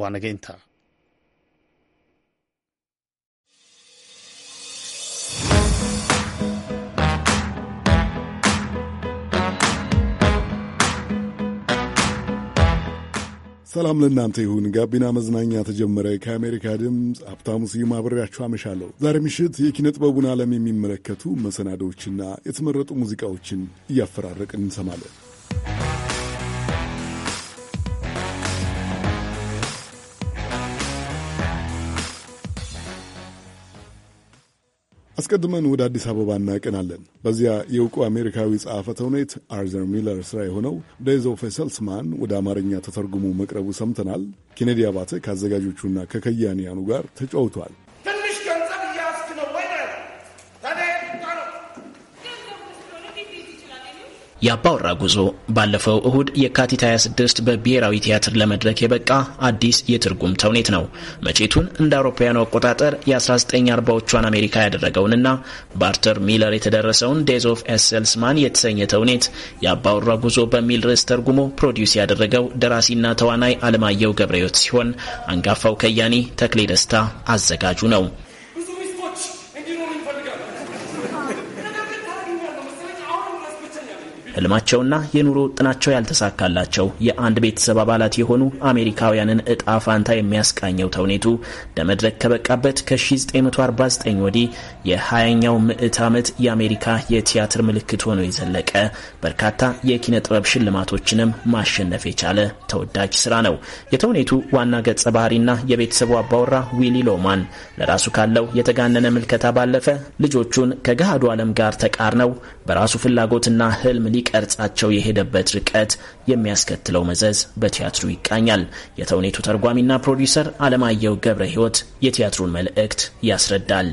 waa naga intaa ሰላም ለእናንተ ይሁን። ጋቢና መዝናኛ ተጀመረ። ከአሜሪካ ድምፅ ሀብታሙ ስዩም አብሬያችሁ አመሻለሁ። ዛሬ ምሽት የኪነ ጥበቡን ዓለም የሚመለከቱ መሰናዶዎችና የተመረጡ ሙዚቃዎችን እያፈራረቅን እንሰማለን። አስቀድመን ወደ አዲስ አበባ እናቀናለን። በዚያ የእውቁ አሜሪካዊ ጸሐፈ ተውኔት አርዘር ሚለር ስራ የሆነው ዴይዝ ኦፍ ወደ አማርኛ ተተርጉሞ መቅረቡ ሰምተናል። ኬኔዲ አባተ ከአዘጋጆቹና ከከያንያኑ ጋር ተጫውቷል። የአባወራ ጉዞ ባለፈው እሁድ የካቲት 26 በብሔራዊ ቲያትር ለመድረክ የበቃ አዲስ የትርጉም ተውኔት ነው። መቼቱን እንደ አውሮፓውያኑ አቆጣጠር የ1940ዎቿን አሜሪካ ያደረገውንና በአርተር ሚለር የተደረሰውን ዴዝ ኦፍ ኤሰልስማን የተሰኘ ተውኔት የአባወራ ጉዞ በሚል ርዕስ ተርጉሞ ፕሮዲውስ ያደረገው ደራሲና ተዋናይ አለማየሁ ገብረዮት ሲሆን አንጋፋው ከያኒ ተክሌ ደስታ አዘጋጁ ነው። ህልማቸውና የኑሮ ውጥናቸው ያልተሳካላቸው የአንድ ቤተሰብ አባላት የሆኑ አሜሪካውያንን እጣ ፋንታ የሚያስቃኘው ተውኔቱ ለመድረክ ከበቃበት ከ1949 ወዲህ የ20ኛው ምዕት ዓመት የአሜሪካ የቲያትር ምልክት ሆኖ የዘለቀ በርካታ የኪነ ጥበብ ሽልማቶችንም ማሸነፍ የቻለ ተወዳጅ ስራ ነው። የተውኔቱ ዋና ገጸ ባህሪና የቤተሰቡ አባወራ ዊሊ ሎማን ለራሱ ካለው የተጋነነ ምልከታ ባለፈ ልጆቹን ከገሃዱ ዓለም ጋር ተቃርነው በራሱ ፍላጎትና ህልም ሊቀርጻቸው የሄደበት ርቀት የሚያስከትለው መዘዝ በቲያትሩ ይቃኛል። የተውኔቱ ተርጓሚና ፕሮዲውሰር አለማየሁ ገብረ ሕይወት የቲያትሩን መልእክት ያስረዳል።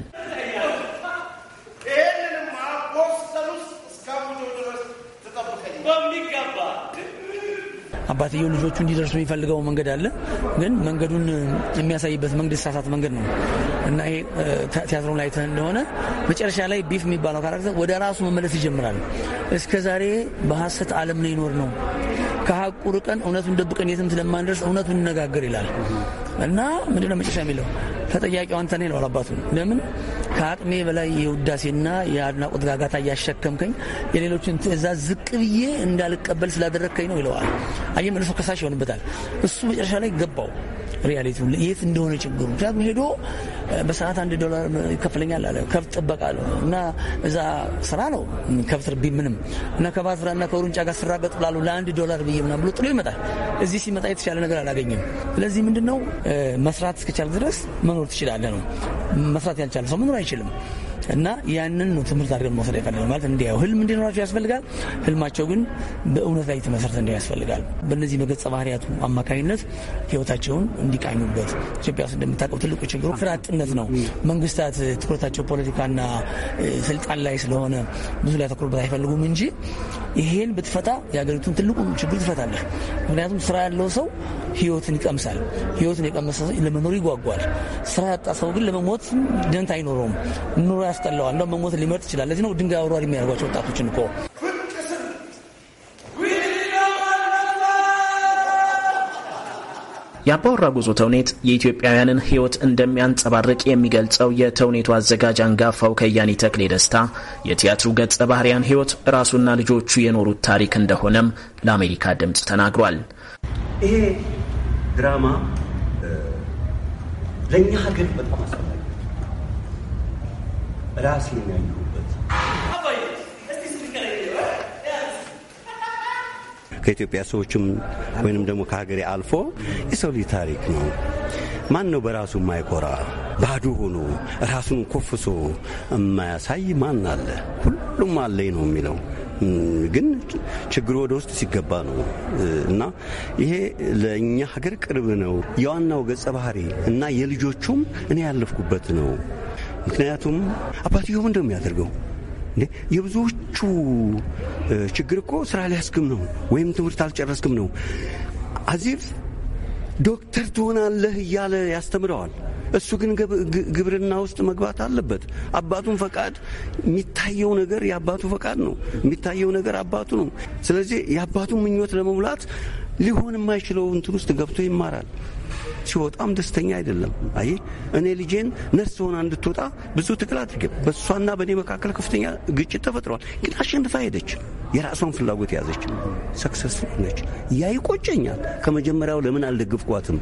አባትየው ልጆቹ እንዲደርሱ የሚፈልገው መንገድ አለ። ግን መንገዱን የሚያሳይበት መንገድ ሳሳት መንገድ ነው እና ይሄ ቲያትሩን ላይ እንደሆነ መጨረሻ ላይ ቢፍ የሚባለው ካራክተር ወደ ራሱ መመለስ ይጀምራል። እስከ ዛሬ በሀሰት ዓለም ነው ይኖር ነው ከሀቁ ርቀን እውነቱን ደብቀን የትም ስለማንደርስ እውነቱን እንነጋገር ይላል እና ምንድነው መጨረሻ የሚለው ተጠያቂው አንተ ነህ ይለዋል አባቱ። ለምን ከአቅሜ በላይ የውዳሴና የአድናቆት ጋጋታ እያሸከምከኝ የሌሎችን ትእዛዝ ዝቅ ብዬ እንዳልቀበል ስላደረግከኝ ነው ይለዋል። አየህ መልሶ ከሳሽ ይሆንበታል። እሱ መጨረሻ ላይ ገባው። ሪያሊቲ የት እንደሆነ ችግሩ። ምክንያቱም ሄዶ በሰዓት አንድ ዶላር ይከፍለኛል አለ ከብት ጥበቃ አለ እና እዛ ስራ ነው ከብት ርቢ ምንም እና ከባትራ እና ከሩንጫ ጋር ስራገጥ ብላሉ ለአንድ ዶላር ብዬ ምናምን ብሎ ጥሎ ይመጣል። እዚህ ሲመጣ የተሻለ ነገር አላገኘም። ስለዚህ ምንድን ነው መስራት እስከቻል ድረስ መኖር ትችላለህ ነው። መስራት ያልቻለ ሰው መኖር አይችልም። እና ያንን ነው ትምህርት አድርገን መውሰድ ይፈልጋል ማለት እንዲያው ህልም እንዲኖራቸው ያስፈልጋል። ህልማቸው ግን በእውነት ላይ የተመሰረተ እንዲ ያስፈልጋል። በእነዚህ በገጸ ባህርያቱ አማካኝነት ህይወታቸውን እንዲቃኙበት ኢትዮጵያ ውስጥ እንደምታውቀው ትልቁ ችግሩ ስራ አጥነት ነው። መንግስታት ትኩረታቸው ፖለቲካና ስልጣን ላይ ስለሆነ ብዙ ላይ ተኩርበት አይፈልጉም እንጂ ይሄን ብትፈታ የሀገሪቱን ትልቁ ችግር ትፈታለህ። ምክንያቱም ስራ ያለው ሰው ህይወትን ይቀምሳል። ህይወትን የቀመሰ ለመኖር ይጓጓል። ስራ ያጣ ሰው ግን ለመሞት ደንት አይኖረውም። ኑሮ ያስጠላዋል። መሞት ሊመርጥ ይችላል። ለዚህ ነው ድንጋይ አውሯል የሚያደርጓቸው ወጣቶችን እኮ የአባወራ ጉዞ ተውኔት የኢትዮጵያውያንን ሕይወት እንደሚያንጸባርቅ የሚገልጸው የተውኔቱ አዘጋጅ አንጋፋው ከያኒ ተክሌ ደስታ የቲያትሩ ገጸ ባህርያን ሕይወት ራሱና ልጆቹ የኖሩት ታሪክ እንደሆነም ለአሜሪካ ድምፅ ተናግሯል። ይሄ ድራማ ለእኛ ሀገር በጣም ራሴን ያየሁበት ከኢትዮጵያ ሰዎችም ወይንም ደግሞ ከሀገሬ አልፎ የሰው ልጅ ታሪክ ነው። ማን ነው በራሱ የማይኮራ ባዶ ሆኖ ራሱን ኮፍሶ የማያሳይ ማን አለ? ሁሉም አለኝ ነው የሚለው ግን ችግሩ ወደ ውስጥ ሲገባ ነው። እና ይሄ ለእኛ ሀገር ቅርብ ነው የዋናው ገጸ ባህሪ እና የልጆቹም እኔ ያለፍኩበት ነው ምክንያቱም አባትየው ምንድን የሚያደርገው? የብዙዎቹ ችግር እኮ ስራ ሊያስክም ነው ወይም ትምህርት አልጨረስክም ነው። አዚፍ ዶክተር ትሆናለህ እያለ ያስተምረዋል። እሱ ግን ግብርና ውስጥ መግባት አለበት። አባቱን ፈቃድ የሚታየው ነገር የአባቱ ፈቃድ ነው። የሚታየው ነገር አባቱ ነው። ስለዚህ የአባቱን ምኞት ለመሙላት ሊሆን የማይችለው እንትን ውስጥ ገብቶ ይማራል። ሲወጣም ደስተኛ አይደለም። አይ እኔ ልጄን ነርስ ሆና እንድትወጣ ብዙ ትግል አድርጌም በእሷና በእኔ መካከል ከፍተኛ ግጭት ተፈጥሯል። ግን አሸንፋ ሄደች። የራሷን ፍላጎት ያዘች፣ ሰክሰስፉል ነች። ያ ይቆጨኛል። ከመጀመሪያው ለምን አልደግፍኳትም?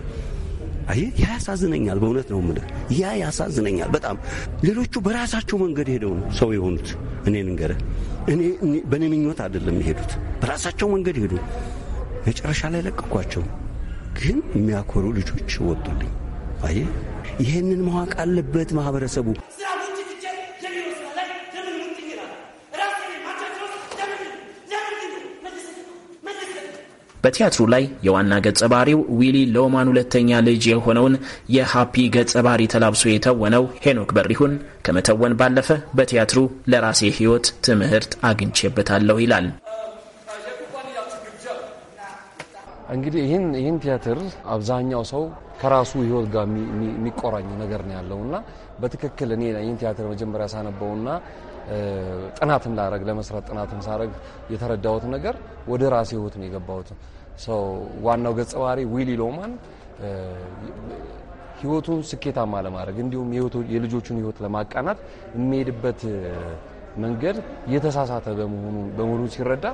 አይ ያ ያሳዝነኛል። በእውነት ነው የምልህ፣ ያ ያሳዝነኛል በጣም። ሌሎቹ በራሳቸው መንገድ ሄደው ነው ሰው የሆኑት። እኔ ንገረህ፣ እኔ በእኔ ምኞት አይደለም የሄዱት፣ በራሳቸው መንገድ ሄዱ። መጨረሻ ላይ ለቀኳቸው። ግን የሚያኮሩ ልጆች ወጡልኝ። አየ ይህንን ማወቅ አለበት ማህበረሰቡ። በቲያትሩ ላይ የዋና ገጸ ባህሪው ዊሊ ሎማን ሁለተኛ ልጅ የሆነውን የሃፒ ገጸ ባህሪ ተላብሶ የተወነው ሄኖክ በሪሁን ከመተወን ባለፈ በቲያትሩ ለራሴ ህይወት ትምህርት አግኝቼበታለሁ ይላል። እንግዲህ ይህን ይህን ቲያትር አብዛኛው ሰው ከራሱ ህይወት ጋር የሚቆራኝ ነገር ነው ያለው እና በትክክል እኔ ይህን ቲያትር መጀመሪያ ሳነበውና ጥናትም ላረግ ለመስራት ጥናትም ሳረግ የተረዳሁት ነገር ወደ ራሴ ህይወት ነው የገባሁት። ሰው ዋናው ገጸ ባህሪ ዊሊ ሎማን ህይወቱን ስኬታማ ለማድረግ እንዲሁም የልጆቹን ህይወት ለማቃናት የሚሄድበት መንገድ የተሳሳተ በመሆኑ ሲረዳ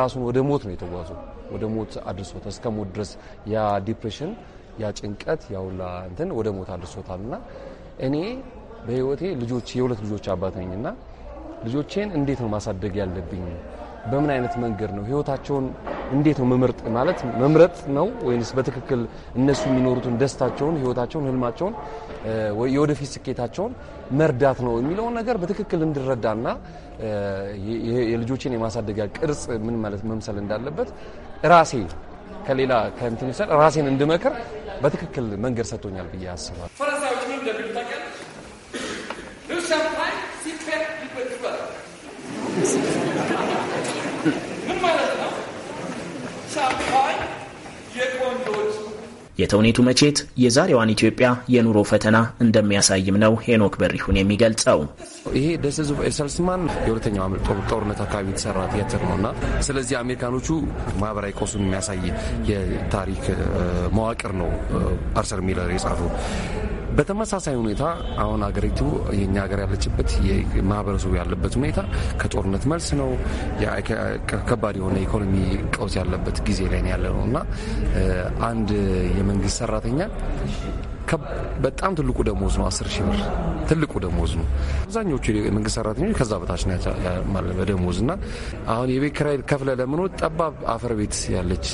ራሱን ወደ ሞት ነው የተጓዙ ወደ ሞት አድርሶታል። እስከ ሞት ድረስ ያ ዲፕሬሽን፣ ያ ጭንቀት፣ ያውላ እንትን ወደ ሞት አድርሶታል እና እኔ በህይወቴ ልጆች የሁለት ልጆች አባት ነኝ እና ልጆቼን እንዴት ነው ማሳደግ ያለብኝ? በምን አይነት መንገድ ነው ህይወታቸውን እንዴት ነው መምረጥ ማለት መምረጥ ነው ወይንስ በትክክል እነሱ የሚኖሩትን ደስታቸውን፣ ህይወታቸውን፣ ህልማቸውን፣ የወደፊት ስኬታቸውን መርዳት ነው የሚለውን ነገር በትክክል እንድረዳና የልጆችን የማሳደጊያ ቅርጽ ምን ማለት መምሰል እንዳለበት ራሴ ከሌላ ከእንትን ይሰል ራሴን እንድመክር በትክክል መንገድ ሰጥቶኛል ብዬ አስባል። ምን ምን ማለት ነው? ሻምፓኝ የቆንጆ የተውኔቱ መቼት የዛሬዋን ኢትዮጵያ የኑሮ ፈተና እንደሚያሳይም ነው ሄኖክ በሪሁን የሚገልጸው። ይሄ ደሴ ሰልስማን የሁለተኛው ጦርነት አካባቢ የተሰራ ቲያትር ነው እና ስለዚህ አሜሪካኖቹ ማህበራዊ ቀውሱን የሚያሳይ የታሪክ መዋቅር ነው አርሰር ሚለር የጻፈው። በተመሳሳይ ሁኔታ አሁን አገሪቱ የኛ ሀገር ያለችበት ማህበረሰቡ ያለበት ሁኔታ ከጦርነት መልስ ነው። ከባድ የሆነ ኢኮኖሚ ቀውስ ያለበት ጊዜ ላይ ያለ ነው እና አንድ የመንግስት ሰራተኛ በጣም ትልቁ ደሞዝ ነው። አስር ሺህ ብር ትልቁ ደሞዝ ነው። አብዛኞቹ የመንግስት ሰራተኞች ከዛ በታች በደሞዝ እና አሁን የቤት ኪራይ ከፍለ ለመኖር ጠባብ አፈር ቤት ያለች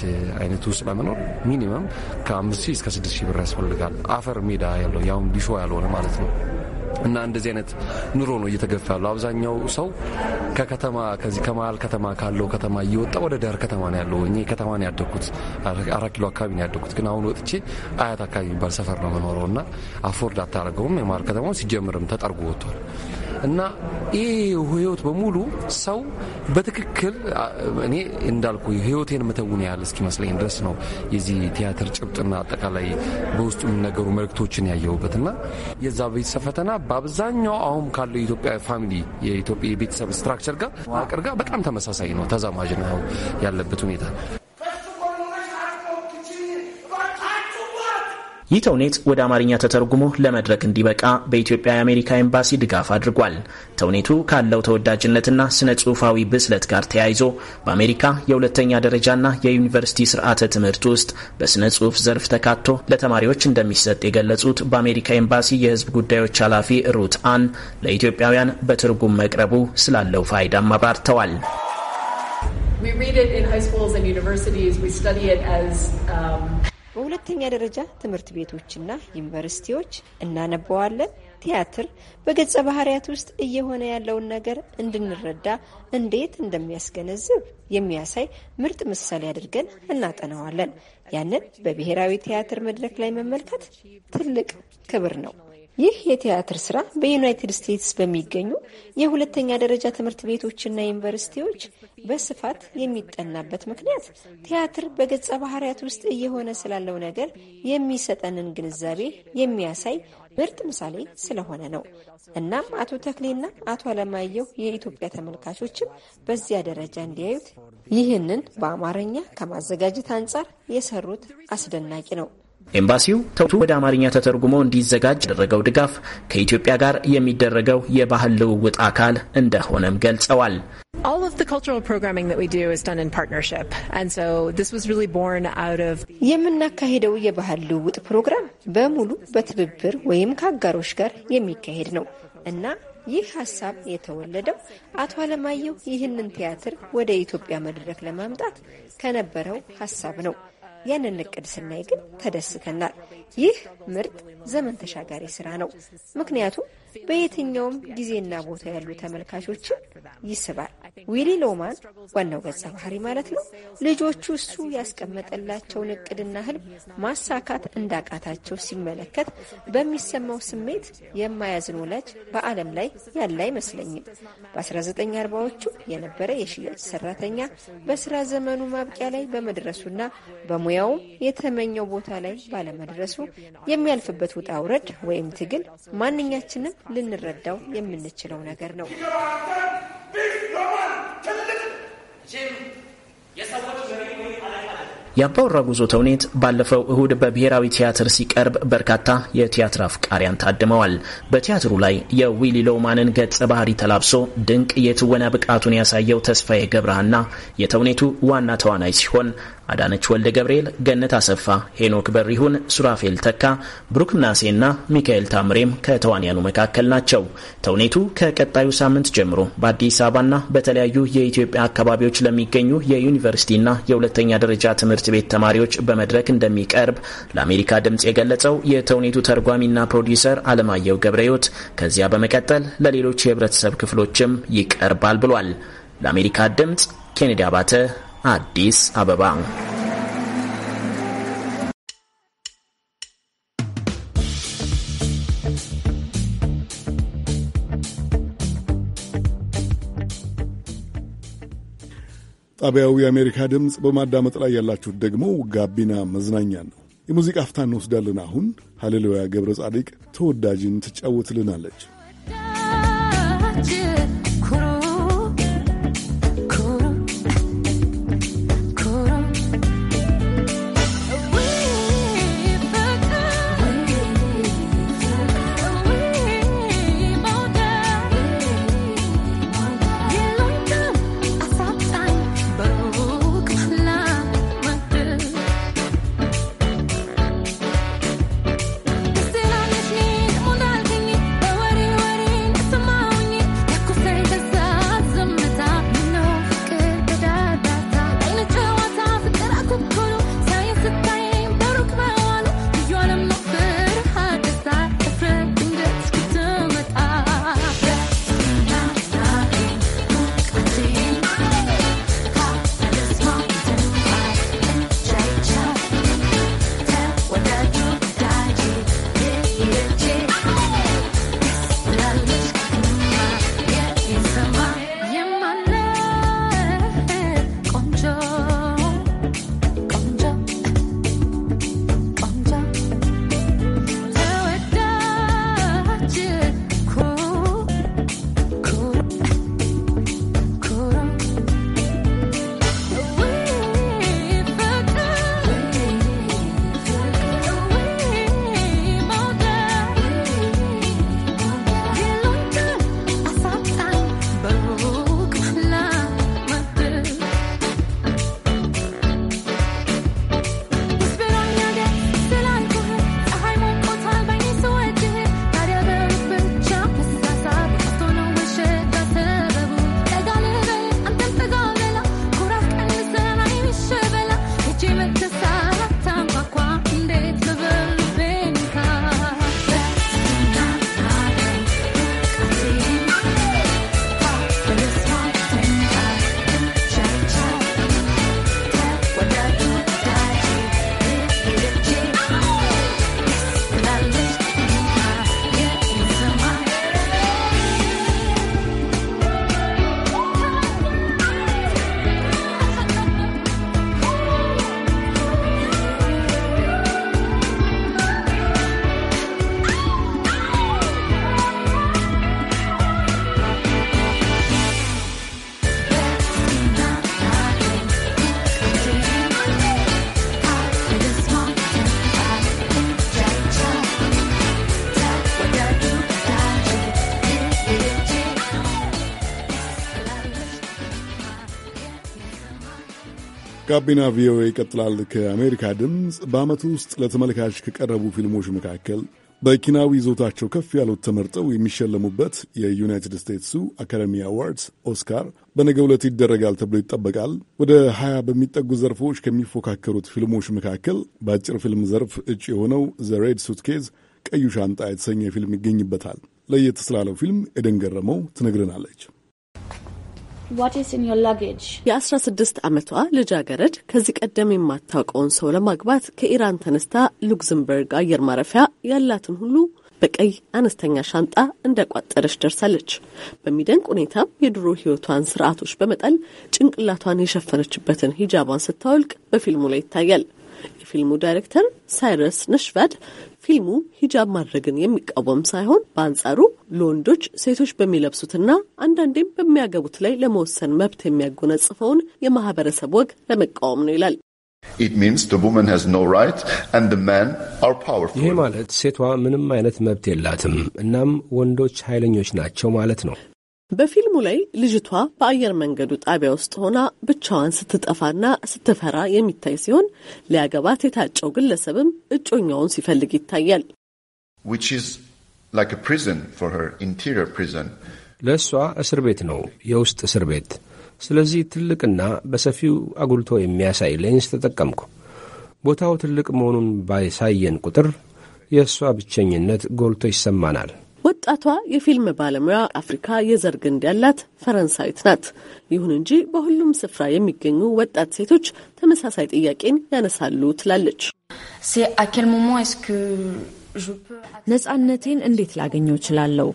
አይነት ውስጥ ለመኖር ሚኒመም ከአምስት ሺህ እስከ ስድስት ሺህ ብር ያስፈልጋል። አፈር ሜዳ ያለው ያሁን ሊሾ ያልሆነ ማለት ነው። እና እንደዚህ አይነት ኑሮ ነው እየተገፋ ያለው። አብዛኛው ሰው ከከተማ ከዚህ ከመሀል ከተማ ካለው ከተማ እየወጣ ወደ ዳር ከተማ ነው ያለው። እኔ ከተማ ነው ያደግኩት፣ አራት ኪሎ አካባቢ ነው ያደግኩት። ግን አሁን ወጥቼ አያት አካባቢ የሚባል ሰፈር ነው መኖረው እና አፎርድ አታደርገውም። የመሀል ከተማው ሲጀምርም ተጠርጎ ወጥቷል። እና ይህ ህይወት በሙሉ ሰው በትክክል እኔ እንዳልኩ ህይወቴን መተውን ያህል እስኪመስለኝ ድረስ ነው የዚህ ቲያትር ጭብጥና አጠቃላይ በውስጡ የሚነገሩ መልእክቶችን ያየሁበት እና የዛ ቤተሰብ ፈተና በአብዛኛው አሁን ካለው የኢትዮጵያ ፋሚሊ የኢትዮጵያ የቤተሰብ ስትራክቸር ጋር አቅር ጋር በጣም ተመሳሳይ ነው፣ ተዛማጅ ነው ያለበት ሁኔታ። ይህ ተውኔት ወደ አማርኛ ተተርጉሞ ለመድረክ እንዲበቃ በኢትዮጵያ የአሜሪካ ኤምባሲ ድጋፍ አድርጓል። ተውኔቱ ካለው ተወዳጅነትና ስነ ጽሑፋዊ ብስለት ጋር ተያይዞ በአሜሪካ የሁለተኛ ደረጃና የዩኒቨርሲቲ ስርዓተ ትምህርት ውስጥ በስነ ጽሑፍ ዘርፍ ተካቶ ለተማሪዎች እንደሚሰጥ የገለጹት በአሜሪካ ኤምባሲ የህዝብ ጉዳዮች ኃላፊ ሩት አን ለኢትዮጵያውያን በትርጉም መቅረቡ ስላለው ፋይዳም አብራርተዋል። We read it in high schools and universities. We study it as um, በሁለተኛ ደረጃ ትምህርት ቤቶችና ዩኒቨርሲቲዎች እናነበዋለን። ቲያትር በገጸ ባህሪያት ውስጥ እየሆነ ያለውን ነገር እንድንረዳ እንዴት እንደሚያስገነዝብ የሚያሳይ ምርጥ ምሳሌ አድርገን እናጠናዋለን። ያንን በብሔራዊ ቲያትር መድረክ ላይ መመልከት ትልቅ ክብር ነው። ይህ የቲያትር ስራ በዩናይትድ ስቴትስ በሚገኙ የሁለተኛ ደረጃ ትምህርት ቤቶችና ዩኒቨርሲቲዎች በስፋት የሚጠናበት ምክንያት ቲያትር በገጸ ባህሪያት ውስጥ እየሆነ ስላለው ነገር የሚሰጠንን ግንዛቤ የሚያሳይ ምርጥ ምሳሌ ስለሆነ ነው። እናም አቶ ተክሌና አቶ አለማየሁ የኢትዮጵያ ተመልካቾችም በዚያ ደረጃ እንዲያዩት ይህንን በአማርኛ ከማዘጋጀት አንጻር የሰሩት አስደናቂ ነው። ኤምባሲው ተውቱ ወደ አማርኛ ተተርጉሞ እንዲዘጋጅ ያደረገው ድጋፍ ከኢትዮጵያ ጋር የሚደረገው የባህል ልውውጥ አካል እንደሆነም ገልጸዋል። የምናካሄደው የባህል ልውውጥ ፕሮግራም በሙሉ በትብብር ወይም ከአጋሮች ጋር የሚካሄድ ነው እና ይህ ሀሳብ የተወለደው አቶ አለማየሁ ይህንን ቲያትር ወደ ኢትዮጵያ መድረክ ለማምጣት ከነበረው ሀሳብ ነው። ያንን እቅድ ስናይ ግን ተደስተናል። ይህ ምርጥ ዘመን ተሻጋሪ ስራ ነው። ምክንያቱም በየትኛውም ጊዜና ቦታ ያሉ ተመልካቾችን ይስባል። ዊሊ ሎማን ዋናው ገጸ ባህሪ ማለት ነው። ልጆቹ እሱ ያስቀመጠላቸውን እቅድና ህልም ማሳካት እንዳቃታቸው ሲመለከት በሚሰማው ስሜት የማያዝን ወላጅ በዓለም ላይ ያለ አይመስለኝም። በ1940ዎቹ የነበረ የሽያጭ ሰራተኛ በስራ ዘመኑ ማብቂያ ላይ በመድረሱና በሙያውም የተመኘው ቦታ ላይ ባለመድረሱ የሚያልፍበት ውጣ ውረድ ወይም ትግል ማንኛችንም ልንረዳው የምንችለው ነገር ነው። የአባወራ ጉዞ ተውኔት ባለፈው እሁድ በብሔራዊ ቲያትር ሲቀርብ በርካታ የቲያትር አፍቃሪያን ታድመዋል። በቲያትሩ ላይ የዊሊ ሎማንን ገጸ ባህሪ ተላብሶ ድንቅ የትወና ብቃቱን ያሳየው ተስፋዬ ገብረሃና የተውኔቱ ዋና ተዋናይ ሲሆን አዳነች ወልደ ገብርኤል፣ ገነት አሰፋ፣ ሄኖክ በሪሁን፣ ሱራፌል ተካ፣ ብሩክ ምናሴና ሚካኤል ታምሬም ከተዋንያኑ መካከል ናቸው። ተውኔቱ ከቀጣዩ ሳምንት ጀምሮ በአዲስ አበባና በተለያዩ የኢትዮጵያ አካባቢዎች ለሚገኙ የዩኒቨርሲቲና የሁለተኛ ደረጃ ትምህርት ቤት ተማሪዎች በመድረክ እንደሚቀርብ ለአሜሪካ ድምፅ የገለጸው የተውኔቱ ተርጓሚና ፕሮዲውሰር አለማየሁ ገብረሕይወት ከዚያ በመቀጠል ለሌሎች የህብረተሰብ ክፍሎችም ይቀርባል ብሏል። ለአሜሪካ ድምፅ ኬኔዲ አባተ አዲስ አበባ። ጣቢያው የአሜሪካ ድምፅ በማዳመጥ ላይ ያላችሁት ደግሞ ጋቢና መዝናኛ ነው። የሙዚቃ አፍታ እንወስዳለን። አሁን ሀሌሉያ ገብረ ጻድቅ ተወዳጅን ትጫወትልናለች። ጋቢና ቪኦኤ ይቀጥላል። ከአሜሪካ ድምፅ በዓመቱ ውስጥ ለተመልካች ከቀረቡ ፊልሞች መካከል በኪናዊ ይዞታቸው ከፍ ያሉት ተመርጠው የሚሸለሙበት የዩናይትድ ስቴትሱ አካደሚ አዋርድስ ኦስካር በነገ ዕለት ይደረጋል ተብሎ ይጠበቃል። ወደ ሀያ በሚጠጉ ዘርፎች ከሚፎካከሩት ፊልሞች መካከል በአጭር ፊልም ዘርፍ እጩ የሆነው ዘ ሬድ ሱትኬዝ ቀዩ ሻንጣ የተሰኘ ፊልም ይገኝበታል። ለየት ስላለው ፊልም ኤደን ገረመው ትነግረናለች። የ16 ዓመቷ ልጃገረድ ከዚህ ቀደም የማታውቀውን ሰው ለማግባት ከኢራን ተነስታ ሉክዘምበርግ አየር ማረፊያ ያላትን ሁሉ በቀይ አነስተኛ ሻንጣ እንደቋጠረች ደርሳለች። በሚደንቅ ሁኔታም የድሮ ሕይወቷን ስርዓቶች በመጣል ጭንቅላቷን የሸፈነችበትን ሂጃቧን ስታወልቅ በፊልሙ ላይ ይታያል። የፊልሙ ዳይሬክተር ሳይረስ ነሽቫድ ፊልሙ ሂጃብ ማድረግን የሚቃወም ሳይሆን በአንጻሩ ለወንዶች ሴቶች በሚለብሱትና አንዳንዴም በሚያገቡት ላይ ለመወሰን መብት የሚያጎነጽፈውን የማህበረሰብ ወግ ለመቃወም ነው ይላል። ይሄ ማለት ሴቷ ምንም አይነት መብት የላትም፣ እናም ወንዶች ኃይለኞች ናቸው ማለት ነው። በፊልሙ ላይ ልጅቷ በአየር መንገዱ ጣቢያ ውስጥ ሆና ብቻዋን ስትጠፋና ስትፈራ የሚታይ ሲሆን ሊያገባት የታጨው ግለሰብም እጮኛውን ሲፈልግ ይታያል። ለእሷ እስር ቤት ነው፣ የውስጥ እስር ቤት። ስለዚህ ትልቅና በሰፊው አጉልቶ የሚያሳይ ሌንስ ተጠቀምኩ። ቦታው ትልቅ መሆኑን ባሳየን ቁጥር የእሷ ብቸኝነት ጎልቶ ይሰማናል። ወጣቷ የፊልም ባለሙያ አፍሪካ የዘር ግንድ ያላት ፈረንሳዊት ናት። ይሁን እንጂ በሁሉም ስፍራ የሚገኙ ወጣት ሴቶች ተመሳሳይ ጥያቄን ያነሳሉ ትላለች። ነጻነቴን እንዴት ላገኘው እችላለሁ?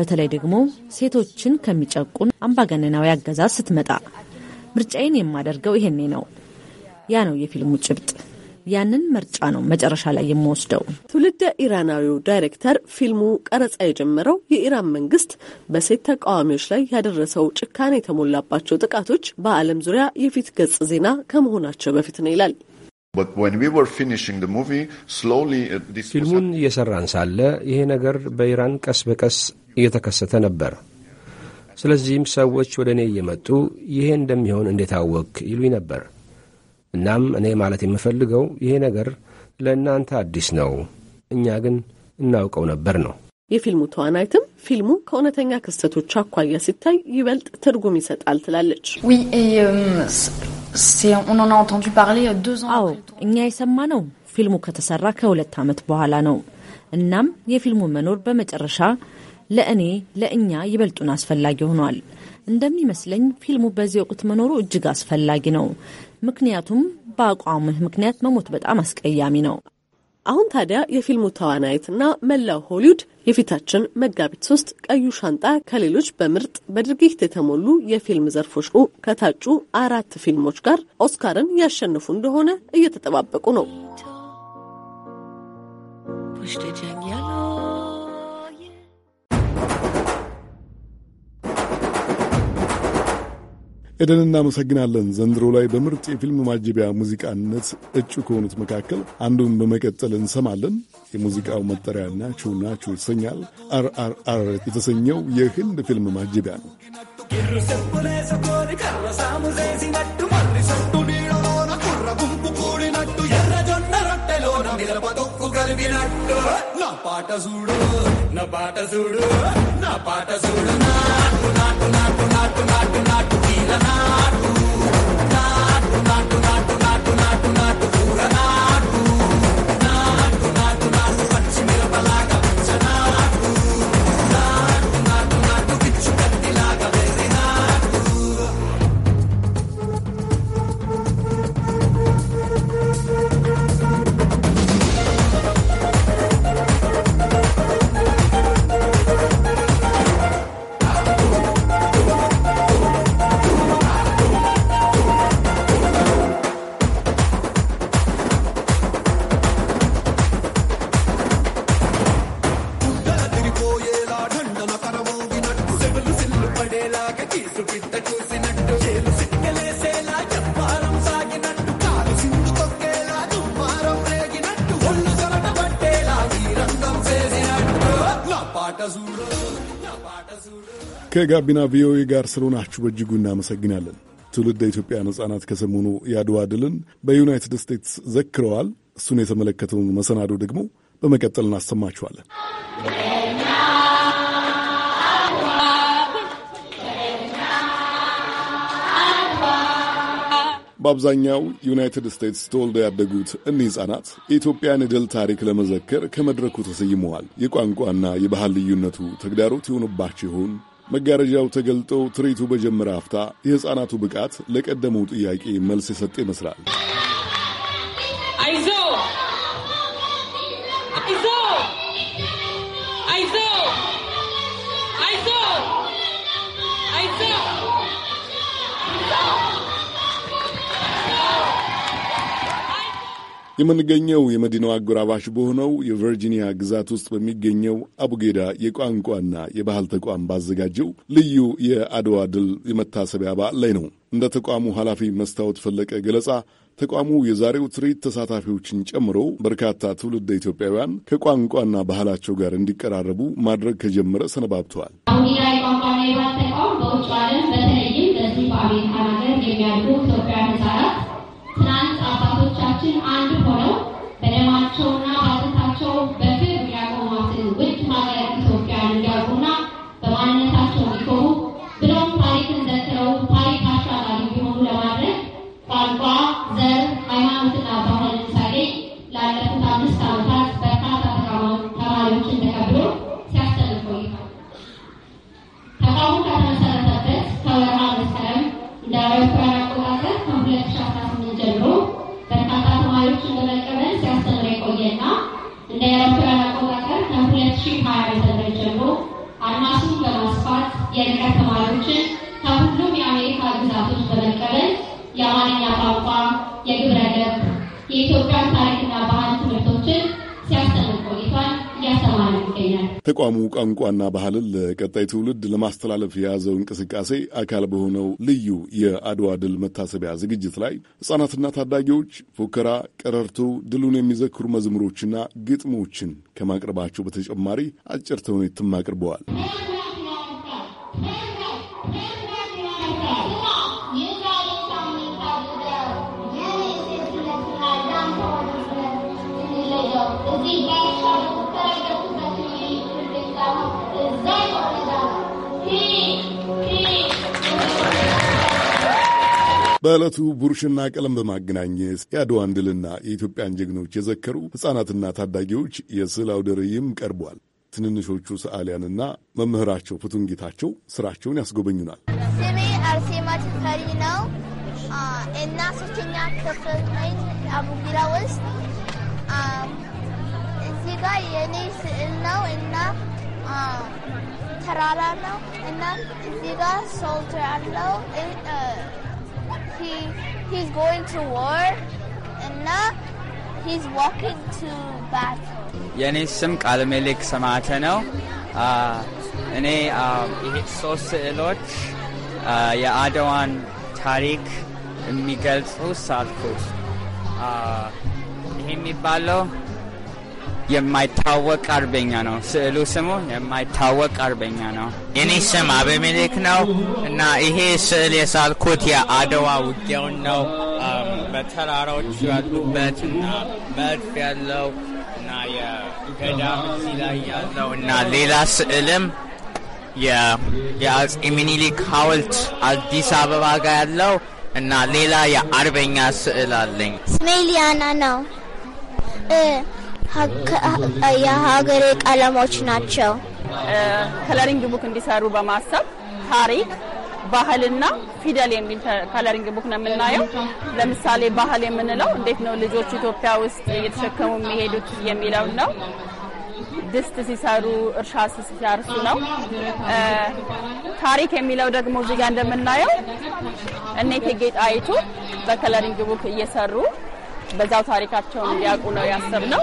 በተለይ ደግሞ ሴቶችን ከሚጨቁን አምባገነናዊ አገዛዝ ስትመጣ ምርጫዬን የማደርገው ይሄኔ ነው። ያ ነው የፊልሙ ጭብጥ። ያንን ምርጫ ነው መጨረሻ ላይ የምወስደው። ትውልደ ኢራናዊው ዳይሬክተር ፊልሙ ቀረጻ የጀመረው የኢራን መንግስት በሴት ተቃዋሚዎች ላይ ያደረሰው ጭካኔ የተሞላባቸው ጥቃቶች በዓለም ዙሪያ የፊት ገጽ ዜና ከመሆናቸው በፊት ነው ይላል። ፊልሙን እየሰራን ሳለ ይሄ ነገር በኢራን ቀስ በቀስ እየተከሰተ ነበር። ስለዚህም ሰዎች ወደ እኔ እየመጡ ይሄ እንደሚሆን እንዴት አወቅ ይሉኝ ነበር። እናም እኔ ማለት የምፈልገው ይሄ ነገር ለእናንተ አዲስ ነው፣ እኛ ግን እናውቀው ነበር ነው። የፊልሙ ተዋናይትም ፊልሙ ከእውነተኛ ክስተቶች አኳያ ሲታይ ይበልጥ ትርጉም ይሰጣል ትላለች። euh, አዎ እኛ የሰማነው ፊልሙ ከተሰራ ከሁለት ዓመት በኋላ ነው። እናም የፊልሙ መኖር በመጨረሻ ለእኔ ለእኛ ይበልጡን አስፈላጊ ሆኗል። እንደሚመስለኝ ፊልሙ በዚህ ወቅት መኖሩ እጅግ አስፈላጊ ነው። ምክንያቱም በአቋምህ ምክንያት መሞት በጣም አስቀያሚ ነው። አሁን ታዲያ የፊልሙ ተዋናይትና መላው ሆሊውድ የፊታችን መጋቢት ሶስት ቀዩ ሻንጣ ከሌሎች በምርጥ በድርጊት የተሞሉ የፊልም ዘርፎች ከታጩ አራት ፊልሞች ጋር ኦስካርን ያሸንፉ እንደሆነ እየተጠባበቁ ነው። ኤደን እናመሰግናለን። ዘንድሮ ላይ በምርጥ የፊልም ማጀቢያ ሙዚቃነት እጩ ከሆኑት መካከል አንዱን በመቀጠል እንሰማለን። የሙዚቃው መጠሪያ ናችሁ ናችሁ ይሰኛል። አርአርአር የተሰኘው የህንድ ፊልም ማጀቢያ ነው። కలిగినట్టు నా పాట చూడు నా పాట చూడు నా పాట చూడు నాటు నాటు నాటు నాటు నాటు నాటు కీల నాటు ከጋቢና ቪኦኤ ጋር ስለሆናችሁ በእጅጉ እናመሰግናለን። ትውልደ ኢትዮጵያን ሕጻናት ከሰሞኑ የአድዋ ድልን በዩናይትድ ስቴትስ ዘክረዋል። እሱን የተመለከተውን መሰናዶ ደግሞ በመቀጠል እናሰማችኋለን። በአብዛኛው ዩናይትድ ስቴትስ ተወልደው ያደጉት እኒህ ሕፃናት የኢትዮጵያን የድል ታሪክ ለመዘከር ከመድረኩ ተሰይመዋል። የቋንቋና የባህል ልዩነቱ ተግዳሮት የሆነባቸው ይሆን? መጋረጃው ተገልጦ ትርኢቱ በጀመረ ሀፍታ የሕፃናቱ ብቃት ለቀደመው ጥያቄ መልስ የሰጠ ይመስላል። የምንገኘው የመዲናው አጎራባሽ በሆነው የቨርጂኒያ ግዛት ውስጥ በሚገኘው አቡጌዳ የቋንቋና የባህል ተቋም ባዘጋጀው ልዩ የአድዋ ድል የመታሰቢያ በዓል ላይ ነው። እንደ ተቋሙ ኃላፊ መስታወት ፈለቀ ገለጻ ተቋሙ የዛሬው ትርኢት ተሳታፊዎችን ጨምሮ በርካታ ትውልደ ኢትዮጵያውያን ከቋንቋና ባህላቸው ጋር እንዲቀራረቡ ማድረግ ከጀመረ ሰነባብተዋል። አቡጌዳ የቋንቋና የባህል ተቋም በውጭ ዓለም በተለይም በዚህ በአሜሪካ ሀገር የሚያድጉ ኢትዮጵያውያን ህጻናት አባቶቻችን አንድ ሆነው በደማቸውና በአጥንታቸው ቋንቋና ባህልን ለቀጣይ ትውልድ ለማስተላለፍ የያዘው እንቅስቃሴ አካል በሆነው ልዩ የአድዋ ድል መታሰቢያ ዝግጅት ላይ ሕጻናትና ታዳጊዎች ፉከራ፣ ቀረርቶ፣ ድሉን የሚዘክሩ መዝሙሮችና ግጥሞችን ከማቅረባቸው በተጨማሪ አጭር ተውኔትም አቅርበዋል። በዕለቱ ብሩሽና ቀለም በማገናኘት የአድዋን ድልና የኢትዮጵያን ጀግኖች የዘከሩ ሕፃናትና ታዳጊዎች የስዕል አውደ ርዕይም ቀርቧል። ትንንሾቹ ሰዓሊያንና መምህራቸው ፍቱን ጌታቸው ስራቸውን ያስጎበኙናል። ስሜ አርሴማ ነው እና ሶስተኛ ክፍል አቡጊራ ውስጥ እዚህ ጋር የእኔ ስዕል ነው እና ተራራ ነው እና እዚህ ጋር ሶልተር አለው he he's going to war እና he's walking to battle. የእኔ ስም ቃለ ሜሌክ ሰማዕተ ነው። እኔ ይሄ ሶስት ስዕሎች የአድዋን ታሪክ የሚገልጹ ሳልኩት ይሄ የሚባለው የማይታወቅ አርበኛ ነው። ስዕሉ ስሙ የማይታወቅ አርበኛ ነው። የኔ ስም አቤሜሌክ ነው እና ይሄ ስዕል የሳልኩት የአድዋ ውጊያውን ነው። በተራራዎች ያሉበት እና መድፍ ያለው እና የገዳም ላይ ያለው እና ሌላ ስዕልም የአፄ ሚኒሊክ ሐውልት አዲስ አበባ ጋር ያለው እና ሌላ የአርበኛ ስዕል አለኝ። ስሜ ሊያና ነው። የሀገሬ ቀለሞች ናቸው። ከለሪንግ ቡክ እንዲሰሩ በማሰብ ታሪክ፣ ባህልና ፊደል የሚል ከለሪንግ ቡክ ነው የምናየው። ለምሳሌ ባህል የምንለው እንዴት ነው ልጆች ኢትዮጵያ ውስጥ እየተሸከሙ የሚሄዱት የሚለው ነው። ድስት ሲሰሩ እርሻ ሲያርሱ ነው። ታሪክ የሚለው ደግሞ እዚህ ጋር እንደምናየው እነ እቴጌ ጣይቱ በከለሪንግ ቡክ እየሰሩ በዛው ታሪካቸውን እንዲያውቁ ነው ያሰብነው።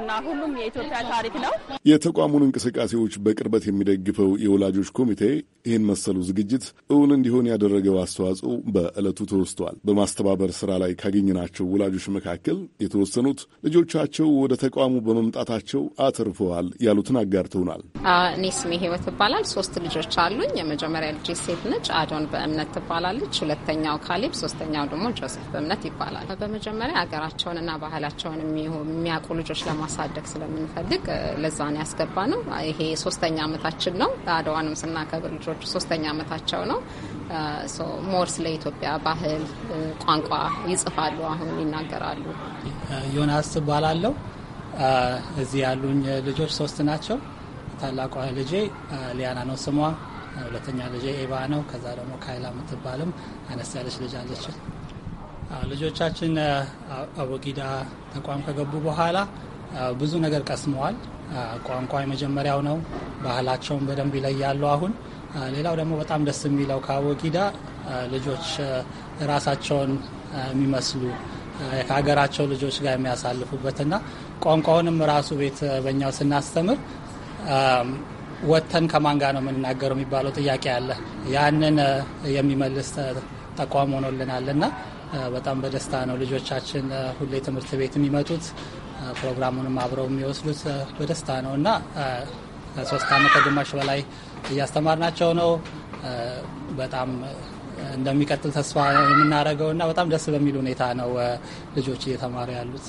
እና ሁሉም የኢትዮጵያ ታሪክ ነው። የተቋሙን እንቅስቃሴዎች በቅርበት የሚደግፈው የወላጆች ኮሚቴ ይህን መሰሉ ዝግጅት እውን እንዲሆን ያደረገው አስተዋጽኦ በዕለቱ ተወስቷል። በማስተባበር ስራ ላይ ካገኘናቸው ወላጆች መካከል የተወሰኑት ልጆቻቸው ወደ ተቋሙ በመምጣታቸው አትርፈዋል ያሉትን አጋርተውናል። እኔ ስሜ ህይወት ይባላል። ሶስት ልጆች አሉኝ። የመጀመሪያ ልጅ ሴት ነች፣ አዶን በእምነት ትባላለች። ሁለተኛው ካሌብ፣ ሶስተኛው ደግሞ ጆሴፍ በእምነት ይባላል። በመጀመሪያ ሀገራቸውንና ባህላቸውን የሚያውቁ ልጆች ለማ ማሳደግ ስለምንፈልግ ለዛ ነው ያስገባ ነው። ይሄ ሶስተኛ አመታችን ነው። አድዋንም ስናከብር ልጆቹ ሶስተኛ አመታቸው ነው። ሞር ስለ ኢትዮጵያ ባህል፣ ቋንቋ ይጽፋሉ፣ አሁን ይናገራሉ። ዮናስ እባላለሁ። እዚህ ያሉኝ ልጆች ሶስት ናቸው። ታላቋ ልጄ ሊያና ነው ስሟ። ሁለተኛ ልጄ ኤባ ነው። ከዛ ደግሞ ካይላ የምትባልም አነስ ያለች ልጅ አለችን። ልጆቻችን አቡጊዳ ተቋም ከገቡ በኋላ ብዙ ነገር ቀስመዋል። ቋንቋ የመጀመሪያው ነው። ባህላቸውን በደንብ ይለያሉ። አሁን ሌላው ደግሞ በጣም ደስ የሚለው ከአቦጊዳ ልጆች ራሳቸውን የሚመስሉ ከሀገራቸው ልጆች ጋር የሚያሳልፉበትና ቋንቋውንም ራሱ ቤት በኛው ስናስተምር ወጥተን ከማን ጋር ነው የምንናገረው የሚባለው ጥያቄ አለ። ያንን የሚመልስ ተቋም ሆኖልናል እና በጣም በደስታ ነው ልጆቻችን ሁሌ ትምህርት ቤት የሚመጡት። ፕሮግራሙንም አብረው የሚወስዱት በደስታ ነው እና ከሶስት አመት ከግማሽ በላይ እያስተማርናቸው ነው። በጣም እንደሚቀጥል ተስፋ የምናደርገው እና በጣም ደስ በሚል ሁኔታ ነው ልጆች እየተማሩ ያሉት።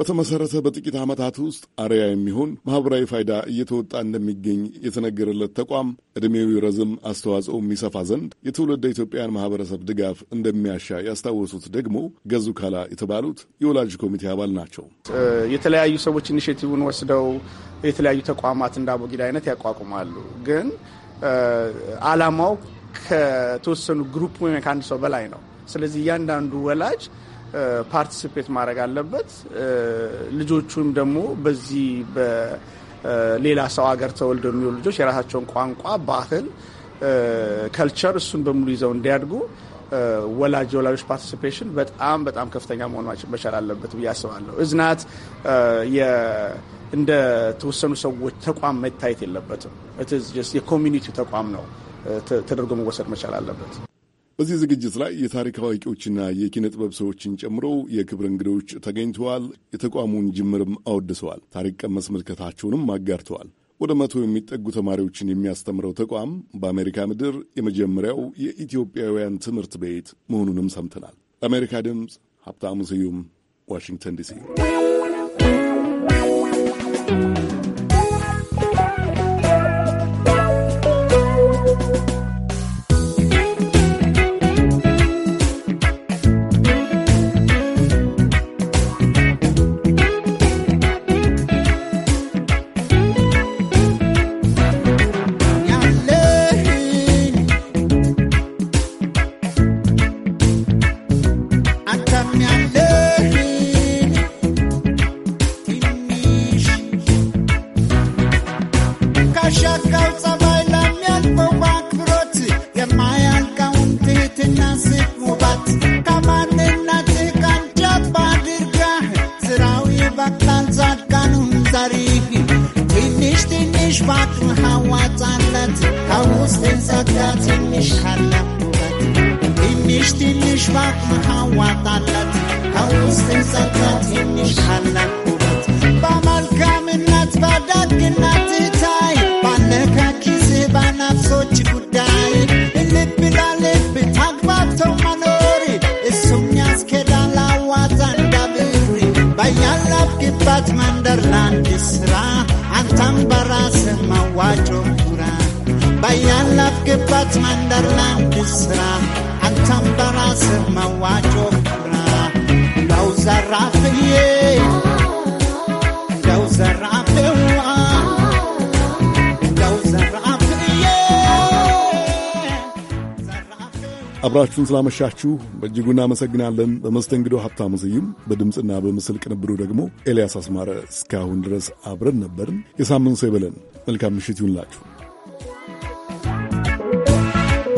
በተመሠረተ በጥቂት ዓመታት ውስጥ አርያ የሚሆን ማኅበራዊ ፋይዳ እየተወጣ እንደሚገኝ የተነገረለት ተቋም ዕድሜው ይረዝም አስተዋጽኦ የሚሰፋ ዘንድ የትውልደ ኢትዮጵያን ማኅበረሰብ ድጋፍ እንደሚያሻ ያስታወሱት ደግሞ ገዙ ካላ የተባሉት የወላጅ ኮሚቴ አባል ናቸው። የተለያዩ ሰዎች ኢኒሽቲቭን ወስደው የተለያዩ ተቋማት እንደ አቦጊዳ አይነት ያቋቁማሉ። ግን አላማው ከተወሰኑ ግሩፕ ወይም ከአንድ ሰው በላይ ነው። ስለዚህ እያንዳንዱ ወላጅ ፓርቲስፔት ማድረግ አለበት። ልጆቹም ደግሞ በዚህ በሌላ ሰው ሀገር ተወልደው የሚሆኑ ልጆች የራሳቸውን ቋንቋ፣ ባህል፣ ከልቸር እሱን በሙሉ ይዘው እንዲያድጉ ወላጅ የወላጆች ፓርቲስፔሽን በጣም በጣም ከፍተኛ መሆን መቻል አለበት ብዬ አስባለሁ። እዝናት እንደ ተወሰኑ ሰዎች ተቋም መታየት የለበትም። የኮሚኒቲ ተቋም ነው ተደርጎ መወሰድ መቻል አለበት። በዚህ ዝግጅት ላይ የታሪክ አዋቂዎችና የኪነ ጥበብ ሰዎችን ጨምሮ የክብር እንግዶች ተገኝተዋል። የተቋሙን ጅምርም አወድሰዋል። ታሪክ ቀመስ ምልከታቸውንም አጋርተዋል። ወደ መቶ የሚጠጉ ተማሪዎችን የሚያስተምረው ተቋም በአሜሪካ ምድር የመጀመሪያው የኢትዮጵያውያን ትምህርት ቤት መሆኑንም ሰምተናል። ለአሜሪካ ድምፅ ሀብታሙ ስዩም ዋሽንግተን ዲሲ ባያላፍክበት መንደር ላንድ ስራ አንተም በራስህ መዋጮ ብራ ዘራፍዬ አብራችሁን ስላመሻችሁ በእጅጉ እናመሰግናለን። በመስተንግዶ ሀብታሙ ስዩም፣ በድምፅና በምስል ቅንብሩ ደግሞ ኤልያስ አስማረ። እስካሁን ድረስ አብረን ነበርን። የሳምንት ሰው ይበለን። መልካም ምሽት ይሁንላችሁ።